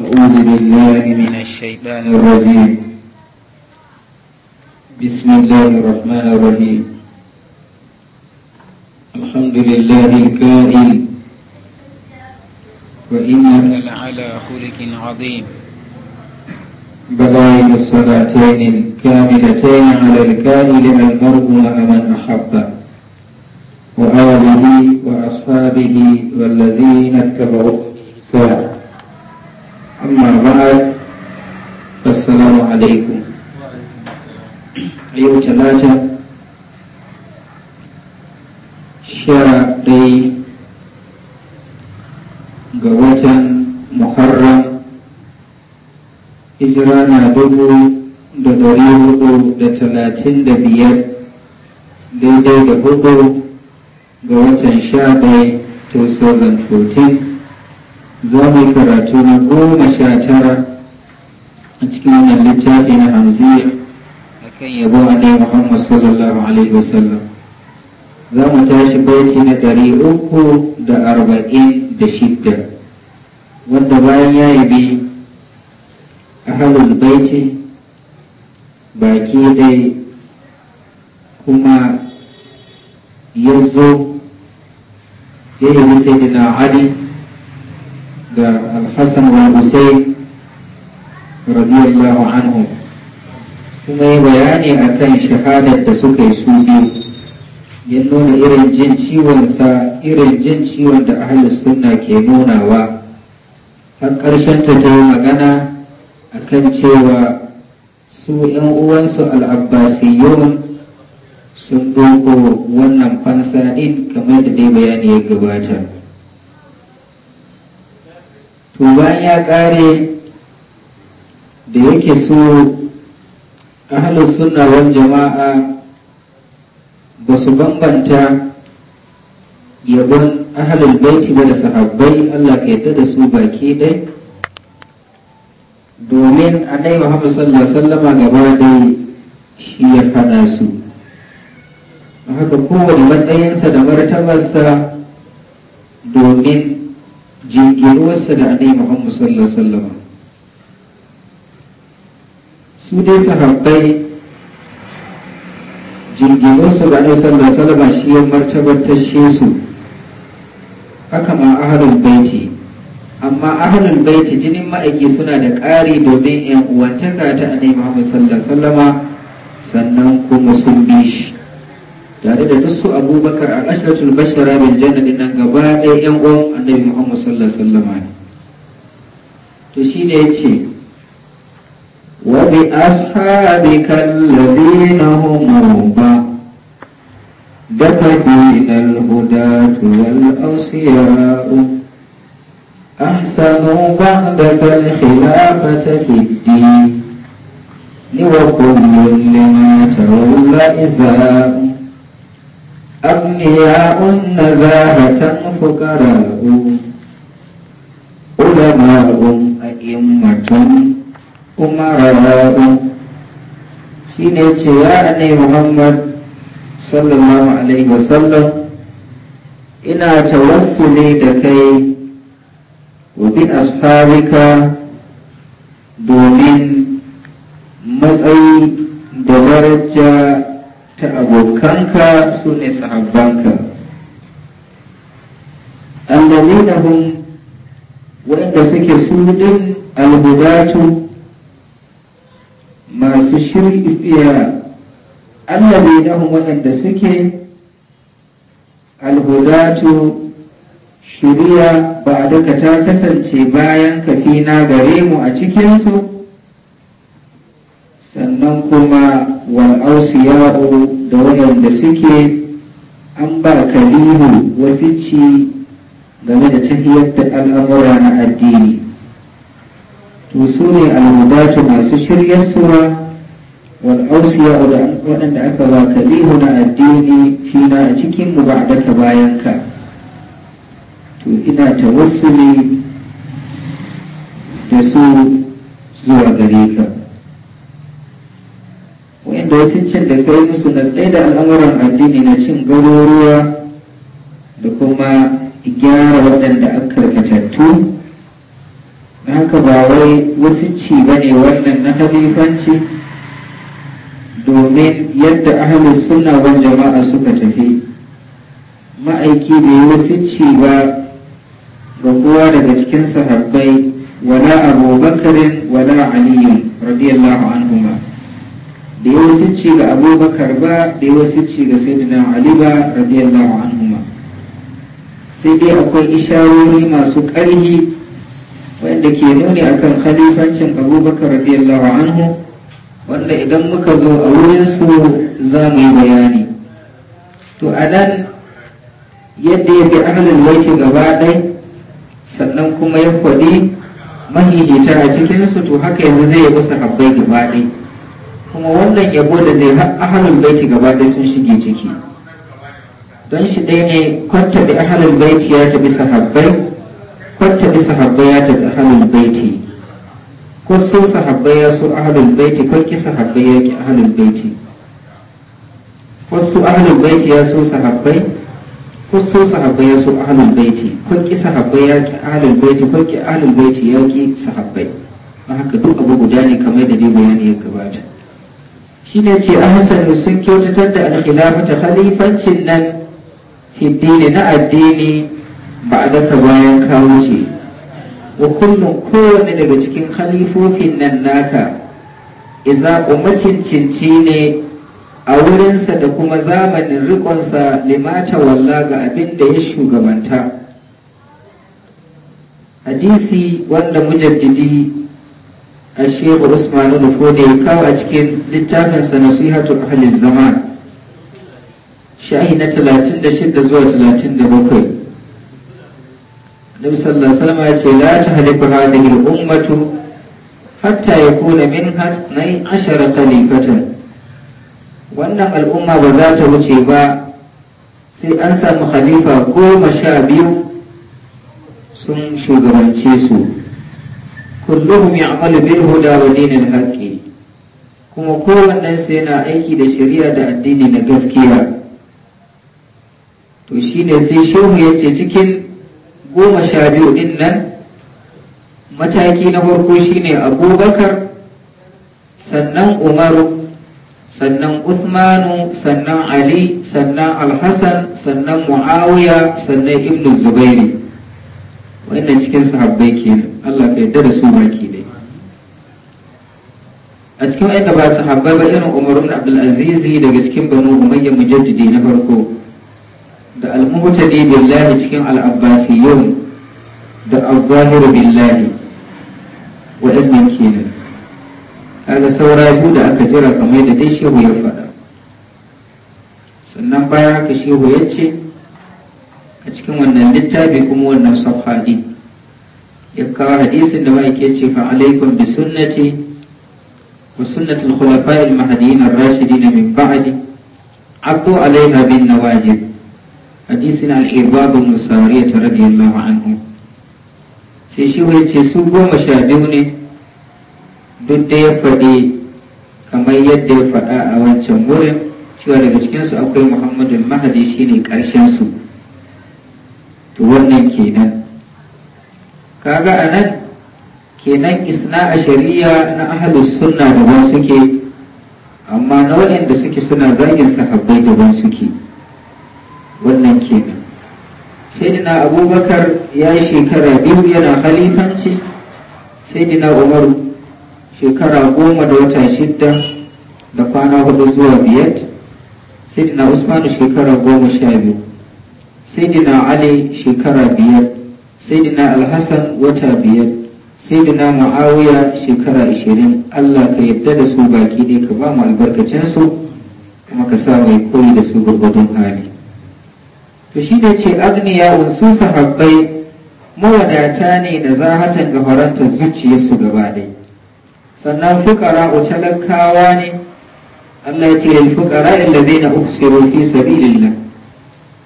أعوذ بالله من الشيطان الرجيم بسم الله الرحمن الرحيم الحمد لله الكائن وإنك لعلى خلق عظيم بلائن الصلاتين الكاملتين على الكائن المرء مع من أحب وآله وأصحابه والذين اتبعوا ساعة أما بعد السلام عليكم يوم ثلاثة sha ɗaya ga watan muharram hijira na dubu da dari hudu da talatin da biyar daidai da hudu ga watan sha ɗaya 2014 za mu yi karatu na goma sha tara a cikin wannan littafi na hamziya a kan yabo a ɗaya muhammad sallallahu alaihi wasallam za mu tashi baiti na ɗari uku da arba'in da shidda wanda bayan ya yi bi a halin baiti baki dai kuma ya zo ya yi sai na da alhassan wa hussein radiyallahu anhu kuma yi bayani a kan shahadar da suka yi su biyu ya nuna irin jin irin jin ciwon da ahalus sunna ke nunawa har ƙarshen ta magana a kan cewa su ‘yan uwansu al'abbasi al'abbasiyun sun doko wannan fansa din kamar da dai bayani ya gabata to bayan ya ƙare da yake so ahalus sunna wal jama'a ba su bambanta yabon ahalul baiti ba da sahabbai Allah ka yadda da su baki dai domin wa Muhammad sallallahu sallama gaba dai shi ya faɗa su haka kowane matsayinsa da martabarsa domin jirgiruwarsa da annabi Muhammad sallallahu alaihi su dai sahabbai jirgiruwarsa da annabi sallallahu alaihi wasallam shi ya martabar su haka ma ahlul baiti amma ahlul baiti jinin ma'aiki suna da ƙari domin yan uwantaka ta annabi Muhammad sallallahu alaihi sannan kuma sun bi shi tare da nasu abubakar a ashiratul bashara min jannati nan gaba ɗaya yan uwan annabi muhammad sallallahu sallar wasallama ne to shi ne ya ce wa bi ashabi kallabina hu ba da kabilar huda tuwal ausiyaru ahsanu ba da kan khilafa ta fiddi ni wa kullum ta tawalla izaru أغنياء نزاهة فقراء علماء أئمة أمراء shine ce ya ne muhammad sallallahu alaihi wasallam ina tawassuli da kai wa bi domin matsayi da ta abokanka su ne sahabbanka allazina hum waɗanda suke su din albudatu masu shirya allazina hum waɗanda suke albudatu shirya ba duka ta kasance bayan kafina gare mu a cikinsu kuma wal'ausiyahu da waɗanda suke an ba kalihu wasici game da tafiyar da al'amura na addini to su ne al'adatu masu shiryarsuwa wal'ausiyahu da waɗanda aka ba kalihu na addini shi na a cikin mu ba daka bayanka to ina ta tawassuli da su zuwa gare ka da cin da kai musu na tsaye da al'amuran addini na cin garuruwa da kuma gyara waɗanda aka karkatattu haka ba wai wasu ci ba ne wannan na halifanci domin yadda ahalus suna wani jama'a suka tafi ma'aiki bai yi wasu ci ba ga kowa daga cikin sahabbai wala abubakarin wala aliyu radiyallahu anhu da ya ci ga abubakar ba da ya ci ga sayyidina ali ba radiyallahu anhuma sai dai akwai isharori masu ƙarfi wanda ke nuni akan khalifancin abubakar radiyallahu anhu wanda idan muka zo a wurinsu za mu yi bayani to a nan yadda ya bi ahalin baiti gaba ɗai sannan kuma ya faɗi mahihita a cikinsu to haka yanzu zai yi musu habbai gaba ɗai kuma wannan yabo da zai ahalin baiti gaba ɗaya sun shige ciki don shi dai ne kwanta da ahalin baiti ya tafi sahabbai kwanta da sahabbai ya tafi ahalin baiti ko so sahabbai ya so ahalin baiti ko ki sahabbai ya ki ahalin baiti ko so ahalin baiti ya so sahabbai ko so sahabbai ya so ahalin baiti ko ki sahabbai ya ki ahalin baiti ko ki ahalin baiti ya ki sahabbai haka duk abu guda ne kamar da dai bayani ya gabata shi ne ce a da sun kyautatar da ta khalifancin nan hiddini na addini ba a daka bayan kawo ce wa kullum kowane daga cikin khalifofin nan naka iza umacin macincinci ne a wurinsa da kuma zamanin rikonsa limata walla ga abin da ya shugabanta hadisi wanda mujaddidi a shehu usman da ya kawo a cikin littafinsa nasihatu ahli zaman shahi na 36 zuwa 37 Nabi sallallahu alaihi wasallam ya ce la tahliku hadhihi al-ummatu hatta yakuna minha 12 khalifatan wannan al'umma ba za ta wuce ba sai an samu khalifa goma sha biyu sun shugabance su kullum ya'malu bil huda wa dinil haqqi kuma kowannen sa yana aiki da shari'a da addini na gaskiya to shine sai shehu ce cikin goma sha biyu din nan mataki na farko shine abubakar sannan umaru sannan uthmanu sannan ali sannan alhassan sannan muawiya sannan ibnu zubairi wannan cikin sahabbai kenan Allah ka yarda da su baki ne a cikin wanda ba sahabbai ba irin Umar ibn daga cikin Banu Umayya mujaddidi na farko da al-mu'tadi billahi cikin al-abbasiyyun da al-zahir billahi waɗannan kenan kaga saura biyu da aka jira kamar da dai shehu ya faɗa sannan baya haka shehu ya ce cikin wannan littafi kuma wannan safha din ya kawo hadisin da mai ke ce fa alaikum bi sunnati wa sunnati al-khulafa'i al-mahdiyyin ar-rashidin min ba'di aqu alaiha bin nawajib hadisin al-irbab bin sariyah radiyallahu anhu sai shi wai ce su goma sha biyu ne duk da ya faɗi kamar yadda ya faɗa a wancan wurin cewa daga cikinsu akwai muhammadun mahadi shine ƙarshensu to wannan kenan kaga a nan kenan isna a shari'a na ahli sunna daban suke amma na waɗanda suke suna zagin sahabbai daban suke wannan kenan sayyidina abubakar ya yi shekara biyu yana halifanci sayyidina umaru shekara goma da wata shidda da kwana hudu zuwa biyar sayyidina usmanu shekara goma sha biyu sayyidina ali shekara biyar saidina alhassan wata biyar sayyidina muawiya shekara ashirin allah ka yadda da su baki ne ka ba mu albarkacinsu kuma ka sa mai koyi da su gurgurdun hali to shi da ce agniya su sahabbai mawadata ne da zahatan ga farantar zuciyarsu gaba ɗaya sannan fukara talakawa ne Allah ya na lil fuqara allazina uhsiru fi sabilillah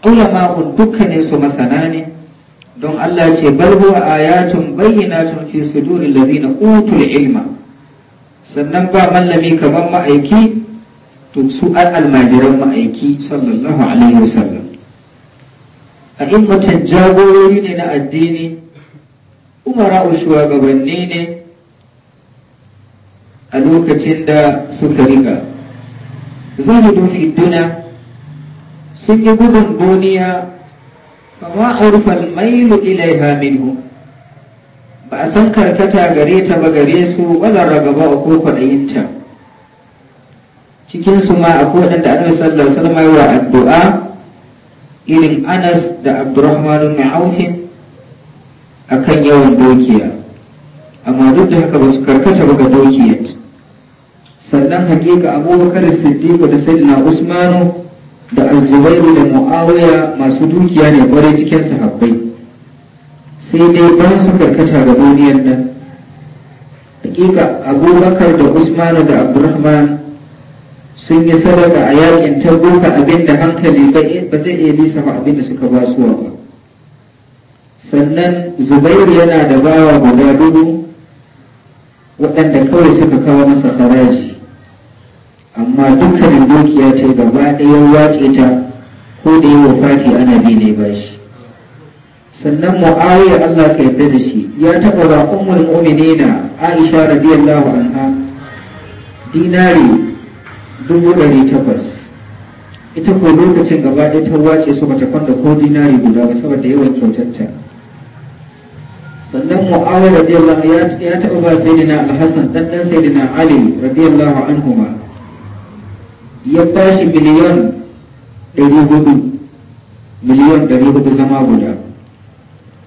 ulama'un dukkanin su masana ne don Allah ce bal huwa ayatun bayyinatun fi suduril ladina utul ilma sannan ba mallami kamar ma'aiki to su al almajiran ma'aiki sallallahu alaihi wasallam a immatan jagorori ne na addini umara shugabanni ne a lokacin da suka riga zan yi duniya sun yi gudun duniya ba ma urfal mailu ilaiha minhu ba a san karkata gare ta ba gare su wala ragaba a ko yinta cikinsu ma a kodin da annabi sallallahu alaihi wasallam addu'a irin anas da abdurrahman ibn auf akan yawan dokiya amma duk da haka ba su karkata ba ga dokiyat sannan hakika abubakar siddiq da sayyidina usmanu da aljubairu da mu'awiya masu dukiya ne kwarai cikin sahabbai sai dai ba su karkata ga duniyar nan hakika abubakar da usmanu da abdurrahman sun yi sadaka a yakin tabbuka abin da hankali ba zai iya ba abin da suka ba suwa ba sannan zubairu yana da bawa guda dubu waɗanda kawai suka kawo masa haraji amma dukkanin dukiya ce gaba ɗaya wace ta ko da yawa fati ana bi ne ba shi sannan mu'awiya Allah ka yarda da shi ya taɓa ba ummul mu'minina Aisha radiyallahu anha dinari dubu ɗari takwas ita ko lokacin gaba ɗaya ta wace su bata kwanda ko dinari guda ba saboda yawan kyautarta sannan mu'awiya radiyallahu ya taɓa ba sayyidina al-Hasan dan dan sayyidina Ali radiyallahu anhuma ya tashi miliyan ɗari hudu miliyan ɗari hudu zama guda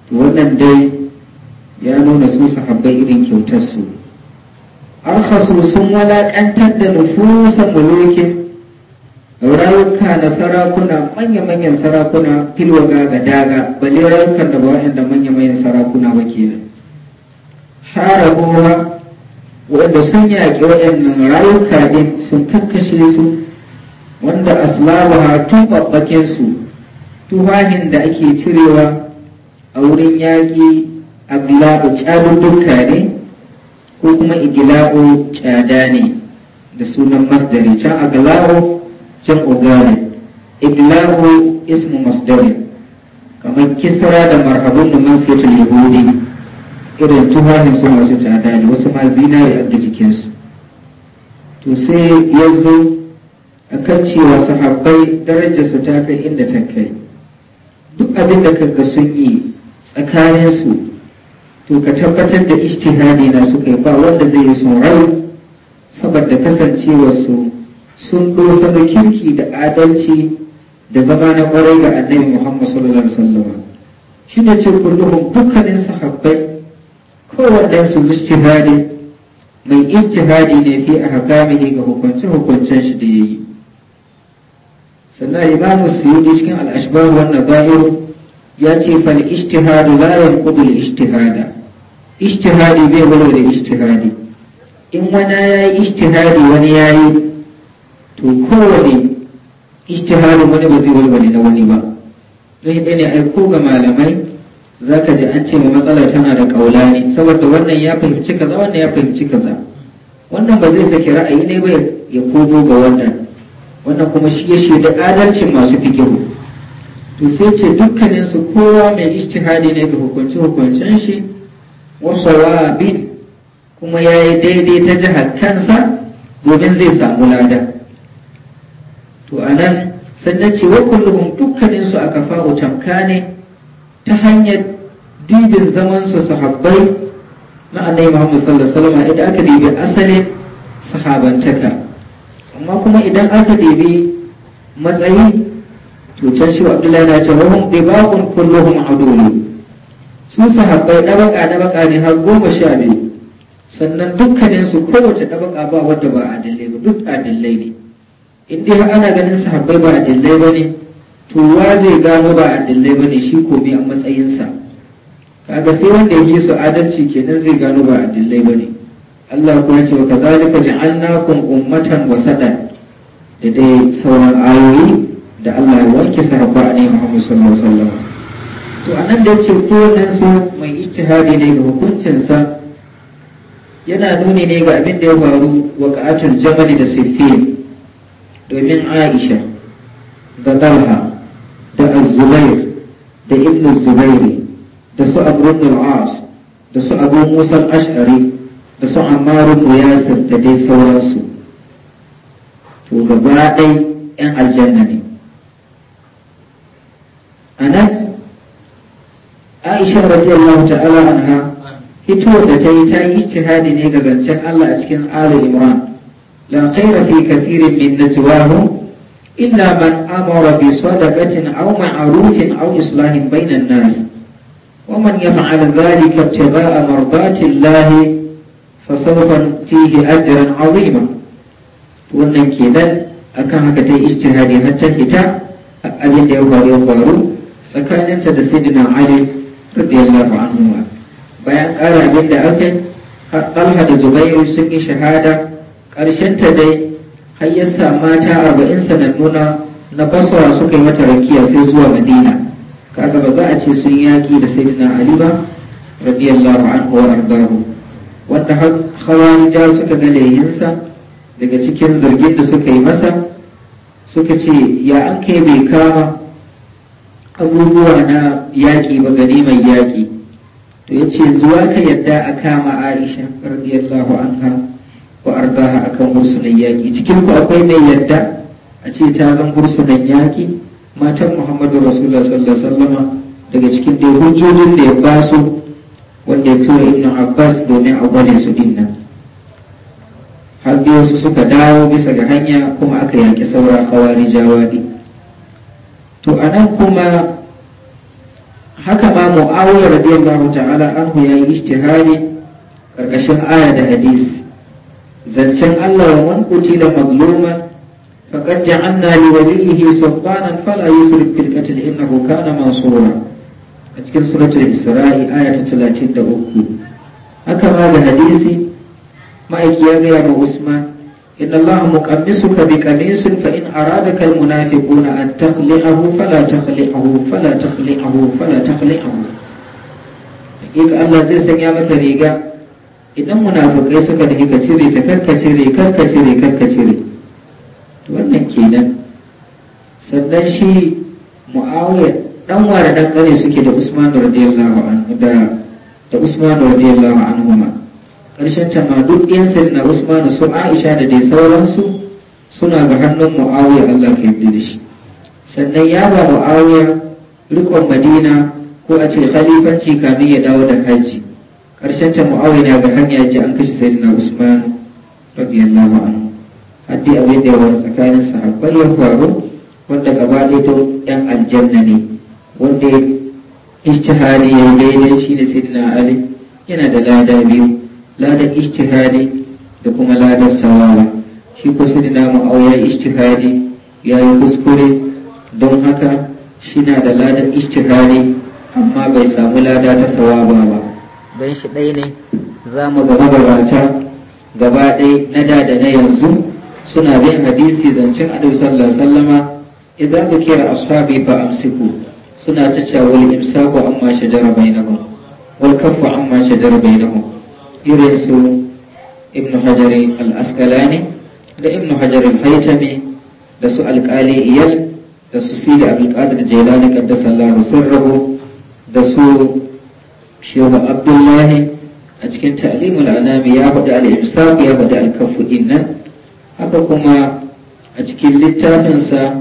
to wannan dai ya nuna su sahabbai irin kyautar su an hasu sun walaƙantar da nufusan mulkin rayuka na sarakuna manya-manyan sarakuna filwaga ga daga balle rayukan da ba waɗanda manya-manyan sarakuna ba kenan harabuwa wanda sun yaki waɗannan rayuka ne sun kakkashe su wanda asbabaha tubabbakin su tuhahin da ake cirewa a wurin yaƙi agla'u duka ne ko kuma igila'u cada ne da sunan masdari can can jan ogane igla'u ismu masdari kamar kisra da marhabun da mansiyatul yahudi irin tufafin su masu tsada da wasu ma zinari a jikinsu to sai ya zo a kan cewa sahabbai darajarsu ta kai inda ta kai duk abin da kaga sun yi tsakaninsu to ka tabbatar da ishtihadi na suka yi ba wanda zai yi sauraro saboda kasancewarsu sun dosa da kirki da adalci da zama na kwarai ga annabi muhammad sallallahu alaihi wasallam shi ne ce kulluhum dukkanin sahabbai kowanne su ijtihadi mai ijtihadi ne fi ahkamihi ga hukunce hukuncen shi da ya yi. sannan imamu suyudi cikin al wannan wan ya ce fal ijtihadu la yanqudu al-ijtihada ijtihadi bai wani da ijtihadi in wani ya yi ijtihadi wani ya yi to kowane ijtihadin wani ba zai wani na wani ba zai ɗaya ne aiko ga malamai za ka ji an ce matsala tana da ƙaula saboda wannan ya fahimci kaza wannan ya fahimci kaza wannan ba zai saki ra'ayi ne ba ya komo ga wannan wannan kuma shi ya shaida adalcin masu fikihu to sai ce dukkanin su kowa mai ijtihadi ne ga hukunci hukuncen shi wa sawabin kuma ya yi daidai ta jihar kansa domin zai samu lada to anan sannan ce wa kulluhum dukkanin su aka fa'u tamka ne ta hanyar dibin zaman su sahabbai na annabi Muhammad sallallahu alaihi wasallam idan aka dibi asalin sahabantaka amma kuma idan aka dibi matsayi to can shi Abdullahi na ce wahum dibaqun kulluhum aduni su sahabbai dabaka dabaka ne har goma sha biyu sannan dukkanin su kowace dabaka ba wadda ba adalle ba duk adillai ne in dai ana ganin sahabbai ba adillai ba ne to wa zai gano ba adillai ba ne shi ko bi a matsayinsa A sai wanda yake su adalci kenan zai gano ba ba bane Allah kuma ce wa kadhalika ja'alnakum ummatan wasatan da dai sauran ayoyi da Allah ya wanke sarrafa alaihi Muhammad sallallahu alaihi wasallam to anan da yake nan su mai ijtihadi ne ga hukuncinsa yana nuni ne ga abin da ya faru wa ka'atul da siffin domin Aisha da Talha da Az-Zubair da Ibn Zubairi da su abu al da su abu musa ashari da su ammaru yasir da dai sauransu to gaba ɗai 'yan aljanna ne a nan aisha radiyallahu ta'ala anha hito da ta yi ta yi ijtihadi ne ga zancen Allah a cikin Ali Imran la khayra fi kathirin min najwahum illa man amara bi sadaqatin aw ma'rufin aw islahin bainan nas ومن يفعل ذلك ابتغاء مرضات الله فسوف نؤتيه أجرا عظيما wannan kenan akan haka ta ijtihadi har ta fita abin da ya faru ya faru tsakaninta da sayyidina Ali radiyallahu anhu bayan ƙara abin da aka Talha da Zubairu sun yi shahada ƙarshen ta dai har ya mata arba'in sanannuna na baswa suka yi mata rakiya sai zuwa Madina kaga ba za a ce sun yaƙi da sayyidina ali ba radiyallahu anhu wa ardahu wanda hawarija suka ga layinsa daga cikin zargin da suka yi masa suka ce ya an kai bai kama abubuwa na yaƙi ba gani mai yaƙi to ya ce zuwa ka yadda a kama aisha radiyallahu anha wa ardaha akan hursunan yaƙi cikin ku akwai mai yadda a ce ta zan hursunan yaƙi matan muhammadu rasulullah sallallahu alaihi wasallama daga cikin da hujjojin da ya ba su wanda ya tura ibn abbas domin a gwale su dinnan har biyu su suka dawo bisa ga hanya kuma aka yanki saura hawari jawadi to a nan kuma haka ma mu'awiyar radiyallahu ta'ala anhu ya yi ijtihadi karkashin aya da hadisi zancen Allah wa man qutila mazluman فقد جعلنا لوليه سلطانا فلا يسرف في القتل انه كان منصورا أتكن سورة الاسراء آية 33 هكذا هذا حديث ما يكيغ يا ابو عثمان ان الله مقمسك بقميص فان أرادك المنافقون ان تخلعه فلا تخلعه فلا تخلعه فلا تخلعه حقيقة الله زي سنيا مكا ريقا إذا منافقين سكا دقيقة تيري تكاكا تيري كاكا تيري كاكا تيري wannan kenan sannan shi mu'awiyar dan da dan kare suke da usman radiyallahu anhu da da usman radiyallahu anhu ma karshen ta ma duk yan sayyidina usman su aisha da dai sauransu suna ga hannun mu'awiya Allah ya yarda da shi sannan ya ba mu'awiya rikon madina ko a ce khalifanci kamin ya dawo da haji. karshen ta mu'awiya ga hanya ji an kashe sayyidina usman radiyallahu anhu haddi abin da wani tsakanin sahabbai ya faru wanda gaba da yan aljanna ne wanda ishtihari ya yi daidai shi ne sayyidina ali yana da lada biyu ladar ishtihari da kuma ladar sawara shi ko sayyidina ma'auya ishtihari ya yi kuskure don haka shi na da ladar ishtihari amma bai samu lada ta sawaba ba don shi ɗaya ne za mu gaba gabata gaba ɗaya na da da na yanzu suna bin hadisi zancen annabi sallallahu alaihi wasallama idan zukira ashabi fa amsiku suna ta wal imsaku amma shajara bainahum wal kaffu amma shajara bainahum irin su ibnu hajari al-asqalani da ibnu hajari al-haytami da su al qali iyal da su sidi qadir jailani qaddasa allahu sirruhu da su shehu abdullahi a cikin ta'limul anami ya bada al imsaku ya bada al-kaffu dinnan haka kuma a cikin littafinsa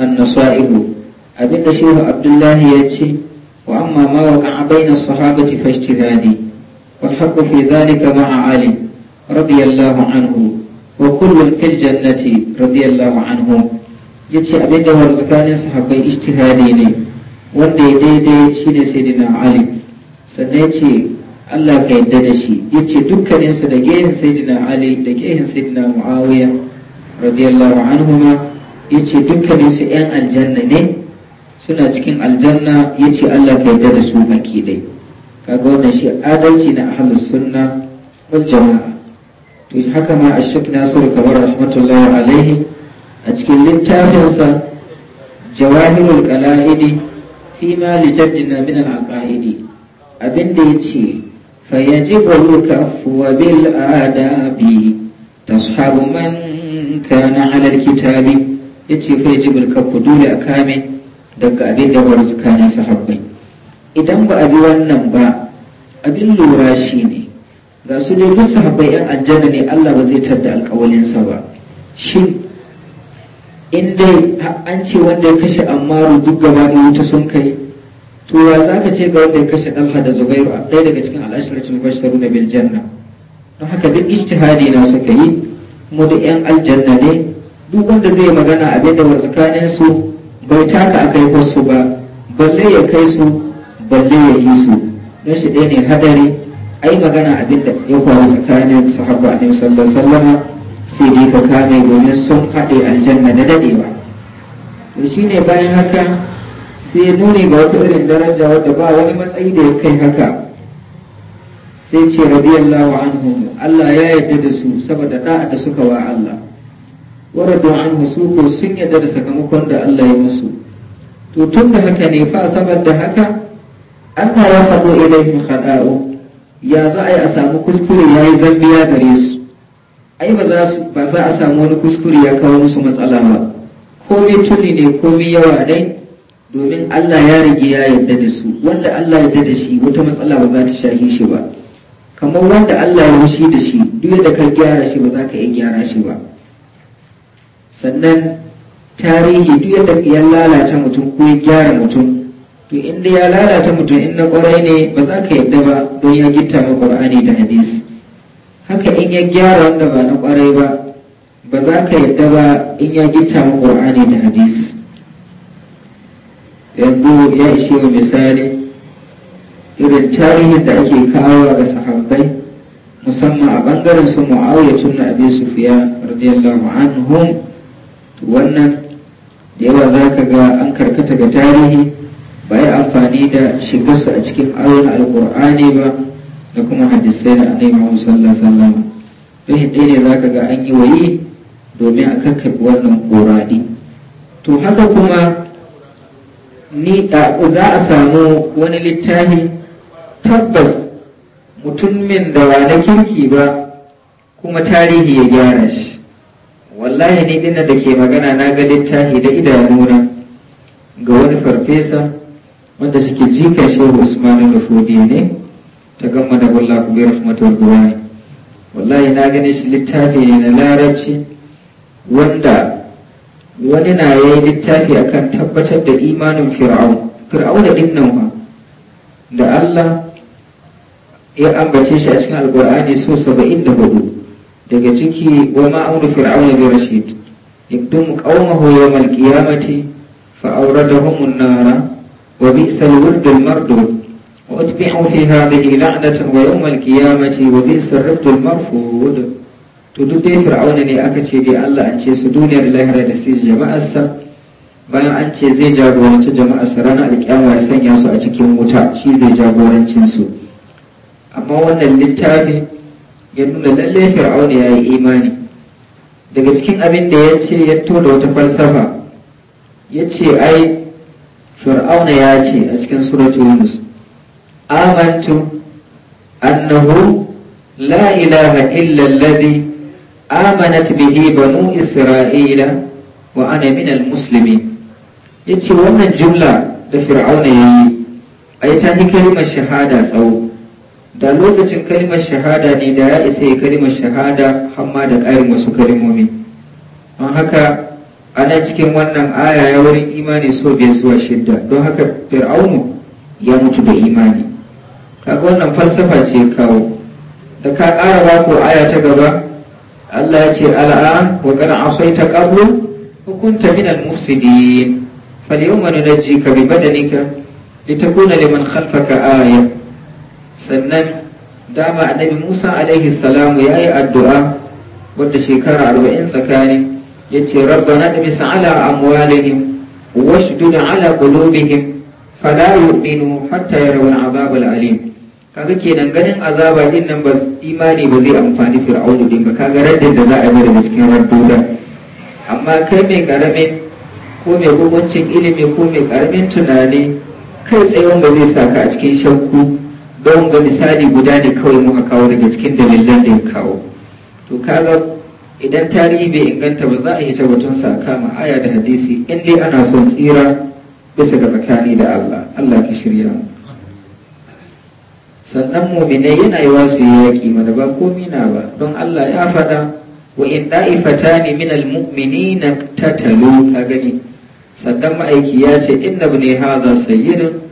annasa'ibu abinda shehu abdullahi ya ce wa amma ma wa ka'a bayna sahabati fashtihadi wal haqqu fi dhalika ma'a ali radiyallahu anhu wa kullun fil jannati radiyallahu anhu yace abinda wa zakanin sahabbai ijtihadi ne wanda ya daidai shine sayyidina ali sannan yace Allah ka yadda da shi Ya ce dukkaninsu da gehen saidina Ali da gehen sayyidina Muawiya radiyallahu anhuma ya ce dukkaninsu ƴan aljanna ne suna cikin aljanna Ya ce Allah ka yadda da su baki dai kaga wannan shi adalci na ahlus sunna wal jama'a to haka ma Ashok Nasir Kabar rahmatullahi alaihi a cikin littafinsa Jawahirul Qala'idi fi ma li min al-aqaidi abinda yace فيجب الكف وبالآداب تصحب من كان على الكتاب yace fa yajib al dole a kame daga abin da tsakanin sahabbai idan ba a bi wannan ba abin lura shi ne ga su ne duk sahabbai yan aljanna ne Allah ba zai tadda alƙawalinsa ba shin in dai an ce wanda ya kashe amma duk gaba ne wuta sun kai to ya za ka ce ga wanda ya kashe ɗalha da zubairu a ɗaya daga cikin al'ashiratul basharu na biljanna don haka duk ijtihadi na suka yi kuma duk yan aljanna ne duk wanda zai magana abin da wasu su bai taka a kai wasu ba balle ya kai su balle ya yi su don shi ɗaya ne hadari ai magana abin da ya faru tsakanin sahabba alaihi sallallahu sallama sai dai ka kame domin sun haɗe aljanna da daɗewa to shine bayan haka sai nuni ga wata irin daraja wadda ba wani matsayi da ya kai haka sai ce radiyallahu anhum Allah ya yarda da su saboda da'a da suka wa Allah waradu anhu su ko sun yarda da sakamakon da Allah ya musu to tun da haka ne fa saboda haka ma ya faɗo ilaihim khada'u ya za a yi a samu kuskure ya yi zambiya gare su ai ba za a samu wani kuskure ya kawo musu matsala ba komai tuni ne komai yawa dai domin Allah ya rige ya yarda da su wanda Allah ya da shi wata matsala ba za ta shahi shi ba kamar wanda Allah ya rushe da shi duk da ka gyara shi ba za ka iya gyara shi ba sannan tarihi duk da ya lalata mutum ko ya gyara mutum to inda ya lalata mutum in na ƙwarai ne ba za ka yarda ba don ya gitta ma ƙwarai da hadisi haka in ya gyara wanda ba na ƙwarai ba ba za ka yarda ba in ya gitta ma ƙwarai da hadisi yanzu ya ishe wa misali irin tarihin da ake kawo ga sahabbai musamman a bangaren su mu'awiya tun na abi sufiya radiyallahu anhum to wannan da yawa za ka ga an karkata ga tarihi ba yi amfani da shigarsa a cikin ayoyin alkur'ani ba da kuma hadisai na annabi Muhammad sallallahu alaihi wasallam rashin ɗaya ne za ka ga an yi wayi domin a kakkaɓe wannan ƙoradi? to haka kuma ni za a samu wani littafi tabbas mutumin da ba na kirki ba kuma tarihi ya gyara shi wallahi ni dina da ke magana na ga littafi da idanuna ga wani farfesa wanda suke jika shehu usmanu da fodiya ne ta gama da bulla ku biyar rahmatul wallahi na ganin shi littafi ne na larabci wanda wani na ya yi littafi akan tabbatar da imanin fir'aun fir'aun da ɗin nan da allah ya ambace shi a cikin alkur'ani so saba'in da hudu daga ciki wa ma'aunu fir'auna bi rashid yakdum qaumahu hoyo al-qiyamati fa da homun nara wa bi al-wird al-mardud wa utbihu fi hadhihi la'natan wa yau al-qiyamati wa bi ar-radd al-marfud to duk dai fir'auna ne aka ce dai Allah an ce su duniyar lahira da su jama'arsa bayan an ce zai jagoranci jama'arsa ranar alƙiyama ya sanya su a cikin wuta shi zai jagorancin su amma wannan littafi ya nuna lalle fir'auna ya yi imani daga cikin abin da ya ce ya to da wata falsafa ya ce ai fir'auna ya ce a cikin suratu yunus amantu annahu la ilaha illa alladhi amanat bihi banu isra'ila wa ana minal muslimin yace wannan jumla da fir'auna yi. ai ta yi kalmar shahada tsawo da lokacin kalmar shahada ne da ya isa ya kalmar shahada hamma da ƙarin wasu kalmomi don haka ana cikin wannan aya ya wurin imani so biyar zuwa shidda don haka fir'aunu ya mutu da imani kaga wannan falsafa ce kawo da ka ƙara ba aya ta gaba Allah ya ce al'an wa kana asaita qablu wa kunta min al-mufsidin falyawma nunajjika bi badanika litakuna liman khalfaka aya sannan dama annabi Musa alaihi salamu yayi addu'a wadda shekara 40 tsakanin yace rabbana damis ala amwalihim duna ala qulubihim fala yu'minu hatta yarawul azabul alim kaga kenan ganin azaba din nan ba imani ba zai amfani fir'aunu din ba kaga raddin da za a yi daga cikin raddoda amma kai mai karamin ko mai hukuncin ilimi ko mai karamin tunani kai tsayon ba zai sa ka a cikin shakku don ga misali guda ne kawai muka kawo daga cikin dalilan da ya kawo to kaga idan tarihi bai inganta ba za a yi tabbatun kama aya da hadisi in dai ana son tsira bisa ga tsakani da Allah Allah ki shirya sannan muminai yana yi wasu yaƙi mana ba komi na ba don Allah ya faɗa wa in da'ifata ne min al al-mu'mini na tattalo? ka gani sannan ma'aiki ya ce inna bne haza sayyidun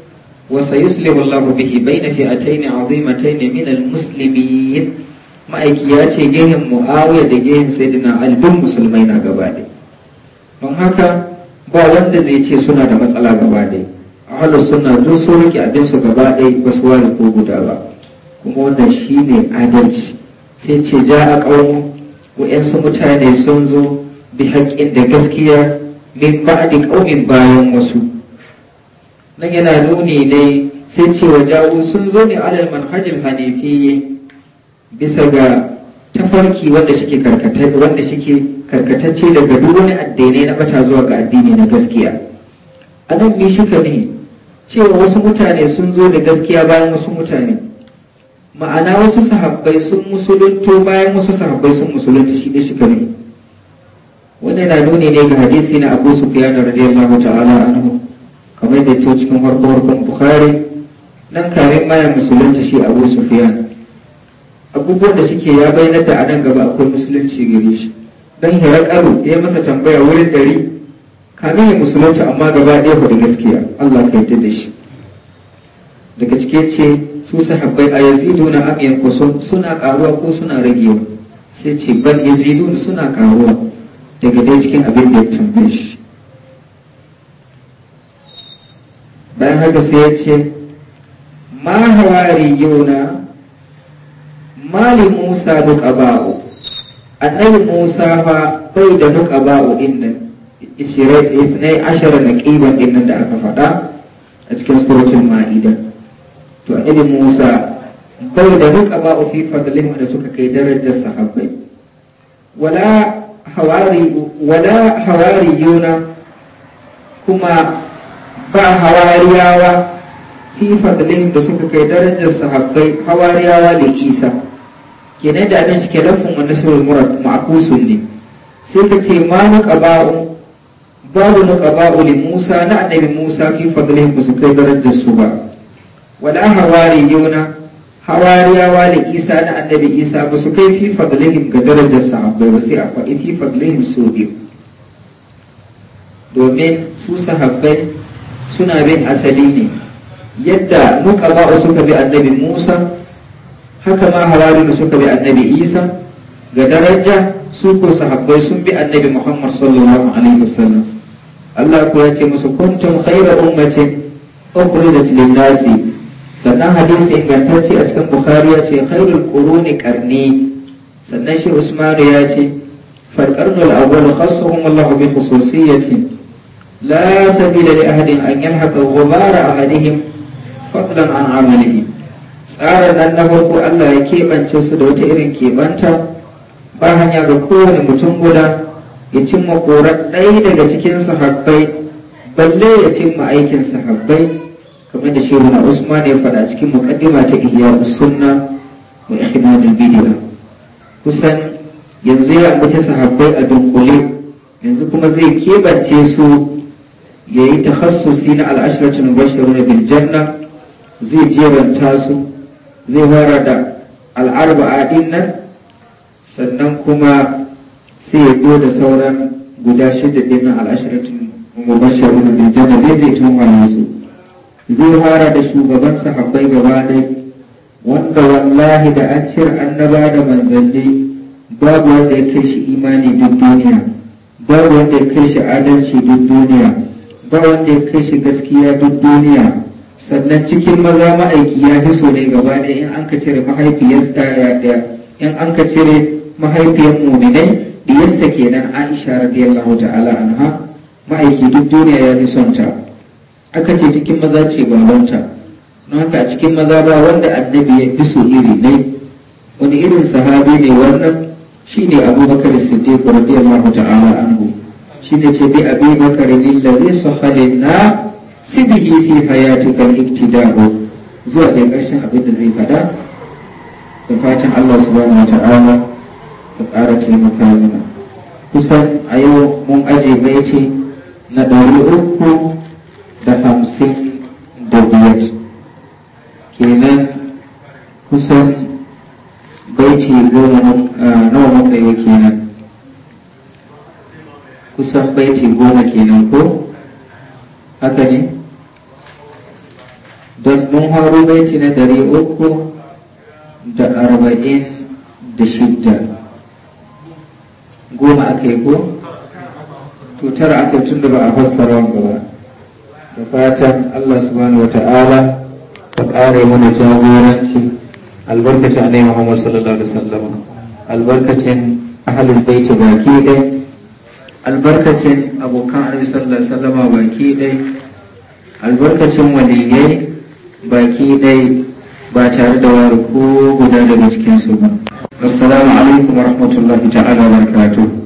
wa sayuslihu Allahu bihi baina fi'atayn azimatayn min almuslimin ma'aiki ya ce gehen mu'awiya da gehen sayyidina ali duk musulmai na gaba don haka ba wanda zai ce suna da matsala gaba ɗaya ahalus suna duk sun rike abinsu gaba ɗaya ba su ko guda ba kuma wannan ne adalci sai ce ja a 'yan wa'yansu mutane sun zo bi haƙƙin da gaskiya min ba da ƙaunin bayan wasu nan yana nuni ne sai ce wa jawo sun zo ne alal manhajin hanifi bisa ga tafarki wanda shike wanda karkatacce daga duk wani addinai na bata zuwa ga addini na gaskiya anan me shika ne cewa wasu mutane sun zo da gaskiya bayan wasu mutane ma'ana wasu sahabbai sun musulunto bayan wasu sahabbai sun musulunta shi ne shiga wanda yana nuni ne ga hadisi na abu sufiya da radiyallahu ta'ala anhu kamar da ta cikin farko farkon bukhari nan kamin mayan musulunta shi abu sufiya abubuwan da suke ya bayyana da a nan gaba akwai musulunci gare shi Don hira karo ya masa tambaya wurin dari Ka ya musulunci amma gaba ɗaya hudu gaskiya Allah ka yarda da shi daga cike ce su sahabbai a na amiyar ko suna ƙaruwa ko suna ragewa sai ce ban Yazidu suna ƙaruwa daga dai cikin abin da ya tambaye shi bayan haka sai ya ce ma hawari yona mali musa duk A ɗan musa ba bai da duk aba'u din ishirai ashirin da ƙiban ɗin da aka faɗa a cikin surutun ma'ida to annabi musa bai da duk aba ofi fadlin da suka kai darajar sahabbai wala hawari yuna kuma ba hawariyawa fi fadlin da suka kai darajar sahabbai hawariyawa ne isa kenan da ke lafin wa nasirul ne sai ka ce ma na babu na ƙaba li musa na annabi musa fi fadlihim ba su kai darajar su ba wala hawari yuna hawariyawa da isa na annabi isa ba su kai fi fadlihim ga darajar a ba sai a faɗi fi fadlihim so biyu domin su sahabbai suna bin asali ne yadda nuqaba suka bi annabi musa haka ma hawariyun suka bi annabi isa ga daraja su ko sahabbai sun bi annabi muhammad sallallahu alaihi wasallam Allah ku ya ce musu kuntum khayra ummatin ukhrijat lin-nasi sannan hadisi ingantacce a cikin Bukhari ya ce khairul quruni qarni sannan shi Usman ya ce fal qarnul awwal khassahum Allah bi khususiyyati la sabila li ahadin an yalhaqa ghubara ahadihim fadlan an amalihi tsarin nan na farko Allah ya keɓance su da wata irin keɓanta ba hanya ga kowane mutum guda ya cimma korar ɗaya daga cikin sahabbai balle ya cimma aikin sahabbai kamar da shehu na usman ya faɗa cikin mukaddima ta ihya sunna wa ihmadul bid'a kusan yanzu ya ambaci sahabbai a dunkule yanzu kuma zai kebance su ya yi takhassusi na al'ashiratu mubashiruna bil janna zai jeranta su zai fara da al'arba'a din nan sannan kuma sai ya da sauran guda shida ɗin al'ashiratun mubasharu da mai jannabe zai tambaye su zai fara da shugabansa sahabbai gaba ɗaya wanda wallahi da an cire annaba da manzanni babu wanda ya kai shi imani duk duniya babu wanda ya kai shi adalci duk duniya ba wanda ya kai shi gaskiya duk duniya sannan cikin maza ma'aiki ya fi so ne gaba ɗaya in an ka cire mahaifiyar da in an ka cire mahaifiyar muminai diyarsa kenan aisha radiyallahu ta'ala anha ma'aiki duk duniya ya fi sonta. aka ce cikin maza ce babanta don haka cikin maza ba wanda annabi ya fi so iri ne wani irin sahabi ne wannan shine abubakar siddiq radiyallahu ta'ala anhu shine ce bi abubakar lillazi sahalina sibihi fi hayatika al-iktida'u zuwa da ƙarshen abin da zai faɗa da fatan Allah subhanahu wa ta'ala ku ƙara taimaka mana kusan a yau mun aje maiti na ɗari uku da hamsin da biyar kenan kusan baiti goma nawa muka yi kenan kusan baiti goma kenan ko haka ne don mun haro baiti na ɗari uku da arba'in da shidda goma aka yi ko to tara aka tun da ba a fassara ba da fatan Allah subhanahu wa ta'ala ta ƙare mana jagoranci albarkacin annabi Muhammad sallallahu alaihi wasallam albarkacin ahlul baiti baki ɗaya albarkacin abokan annabi sallallahu alaihi wasallam baki ɗaya albarkacin waliyai baki ɗaya ba tare da wari ko guda daga cikinsu ba assalamu alaikum rahmatullahi ta'ala wa